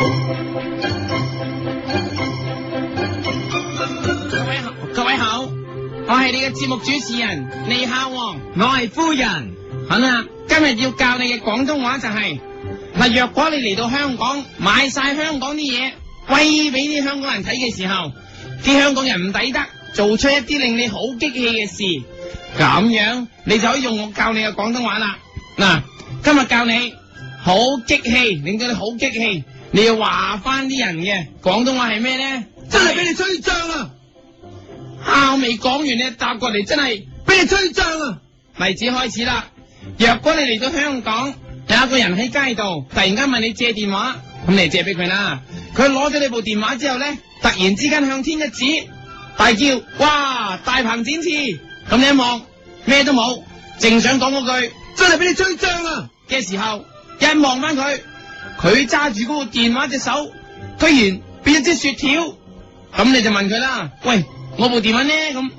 各位好，各位好，我係你嘅節目主持人李孝王，我係夫人。好啦，今日要教你嘅廣東話就係，嗱，若果你嚟到香港買晒香港啲嘢，喂俾啲香港人睇嘅時候，啲香港人唔抵得，做出一啲令你好激氣嘅事，咁樣你就可以用我教你嘅廣東話啦。嗱，今日教你好激氣，令到你好激氣。你要話翻啲人嘅廣東話係咩咧？真係俾你吹脹啊，啊！我未講完，你答過嚟，真係俾你吹脹啊！例子開始啦。若果你嚟到香港，有一個人喺街度，突然間問你借電話，咁你借俾佢啦。佢攞咗你部電話之後咧，突然之間向天一指，大叫：哇！大鵬展翅。咁你一望，咩都冇，淨想講嗰句：真係俾你吹脹啊！嘅時候，一望翻佢。佢揸住嗰個電話隻手，居然變咗隻雪條，咁你就問佢啦。喂，我部電話呢？咁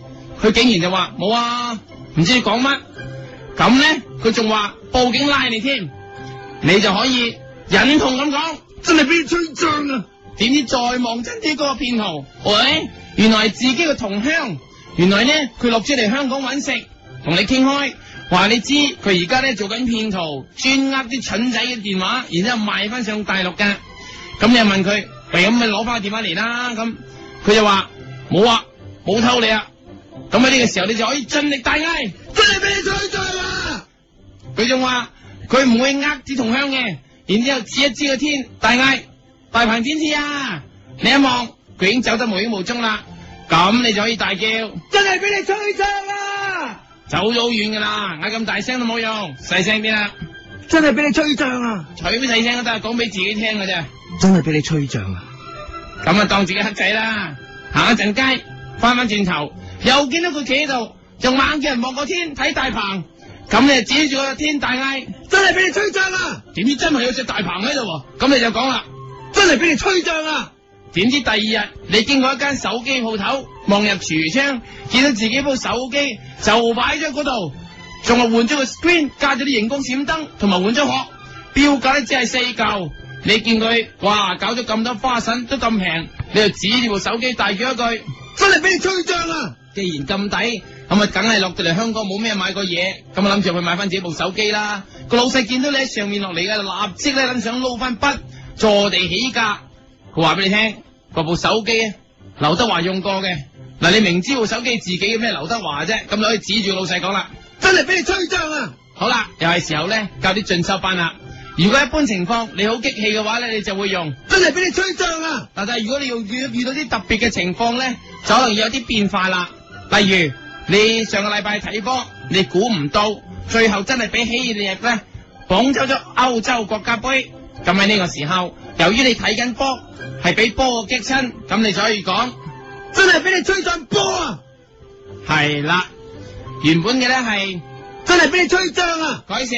佢竟然就話冇啊，唔知你講乜。咁咧，佢仲話報警拉你添，你就可以忍痛咁講， 真係俾你吹脹啊！點知再望真啲嗰個騙徒，喂，原來係自己個同鄉，原來咧佢落咗嚟香港搵食，同你傾開。話你知佢而家咧做緊騙徒，專呃啲蠢仔嘅電話，然之後賣翻上大陸嘅。咁你又問佢，係咁咪攞翻個電話嚟啦。咁佢就話冇啊，冇偷你啊。咁喺呢個時候你就可以盡力大嗌， 真係俾你吹脹啦、啊。佢仲話佢唔會呃啲同鄉嘅，然之後指一指個天，大嗌大鵬展翅啊！你一望佢已經走得無影無蹤啦。咁你就可以大叫， 真係俾你吹脹。走咗好遠噶啦，嗌咁大聲都冇用，細聲啲啦。真係俾你吹脹啊！隨便細聲都得，講俾自己聽噶啫。真係俾你吹脹啊！咁啊，當自己黑仔啦。行一陣街，翻翻轉頭，又見到佢企喺度，仲猛叫人望個天睇大鵬。咁你就指住個天大嗌，真係俾你吹脹啊！點知真係有隻大鵬喺度，咁你就講啦，真係俾你吹脹啊！點知第二日你經過一間手機鋪頭？望入櫥窗，見到自己部手機就擺喺嗰度，仲係換咗個 screen，加咗啲熒光閃燈，同埋換咗殼。標價只係四舊，你見佢哇，搞咗咁多花粉都咁平，你就指住部手機大叫一句：真係俾你吹脹啊！既然咁抵，咁咪梗係落到嚟香港冇咩買過嘢，咁我諗住去買翻自己部手機啦。個老細見到你喺上面落嚟嘅，立即咧諗想撈翻筆坐地起價。佢話俾你聽，嗰部手機劉德華用過嘅。嗱，你明知部手機自己叫咩劉德華啫，咁你可以指住老細講啦，真係俾你吹脹啊！好啦，又係時候咧教啲進修班啦。如果一般情況，你好激氣嘅話咧，你就會用真係俾你吹脹啊！嗱，但係如果你要遇遇到啲特別嘅情況咧，就可能要有啲變化啦。例如你上個禮拜睇波，你估唔到最後真係俾希臘咧捧走咗歐洲國家杯。咁喺呢個時候，由於你睇緊波係俾波激親，咁你就可以講。真係俾你吹上波啊！係啦，原本嘅咧係真係俾你吹脹啊，改成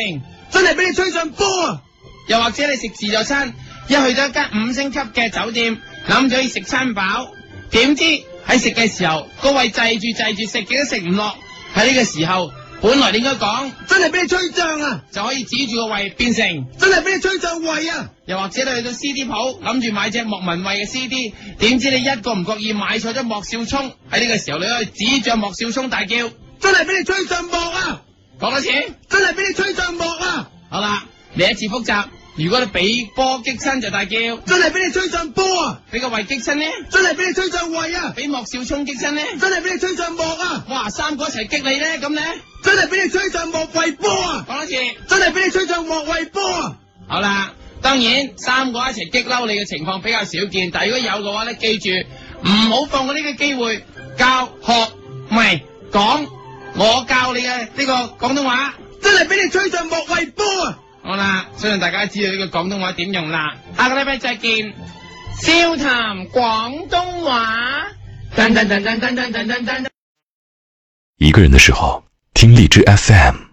真係俾你吹上波啊。又或者你食自助餐，一去到一間五星級嘅酒店，諗咗去食餐飽，點知喺食嘅時候個胃滯住滯住，食幾都食唔落，喺呢個時候。本來你應該講真係俾你吹脹啊，就可以指住個胃變成真係俾你吹脹胃啊。又或者你去到 CD 鋪諗住買隻莫文蔚嘅 CD，點知你一個唔覺意買錯咗莫少聰。喺呢個時候你可以指住莫少聰大叫真係俾你吹脹莫啊，講多次真係俾你吹脹莫啊。好啦，嚟一次複習。如果你俾波激親就大叫，真係俾你吹上波啊！俾個胃激親咧，真係俾你吹上胃啊！俾莫少聰激親咧，真係俾你吹上莫啊！哇，三個一齊激你咧，咁咧，真係俾你吹上莫胃波啊！講多次，真係俾你吹上莫胃波啊！好啦，當然三個一齊激嬲你嘅情況比較少見，但係如果有嘅話咧，記住唔好放過呢個機會，教學唔係講，講我教你嘅呢個廣東話，真係俾你吹上莫胃波啊！好啦，相信大家知道呢個廣東話點用啦。下個禮拜，拜，再見，笑談廣東話。一個人的時候，聽荔枝 FM。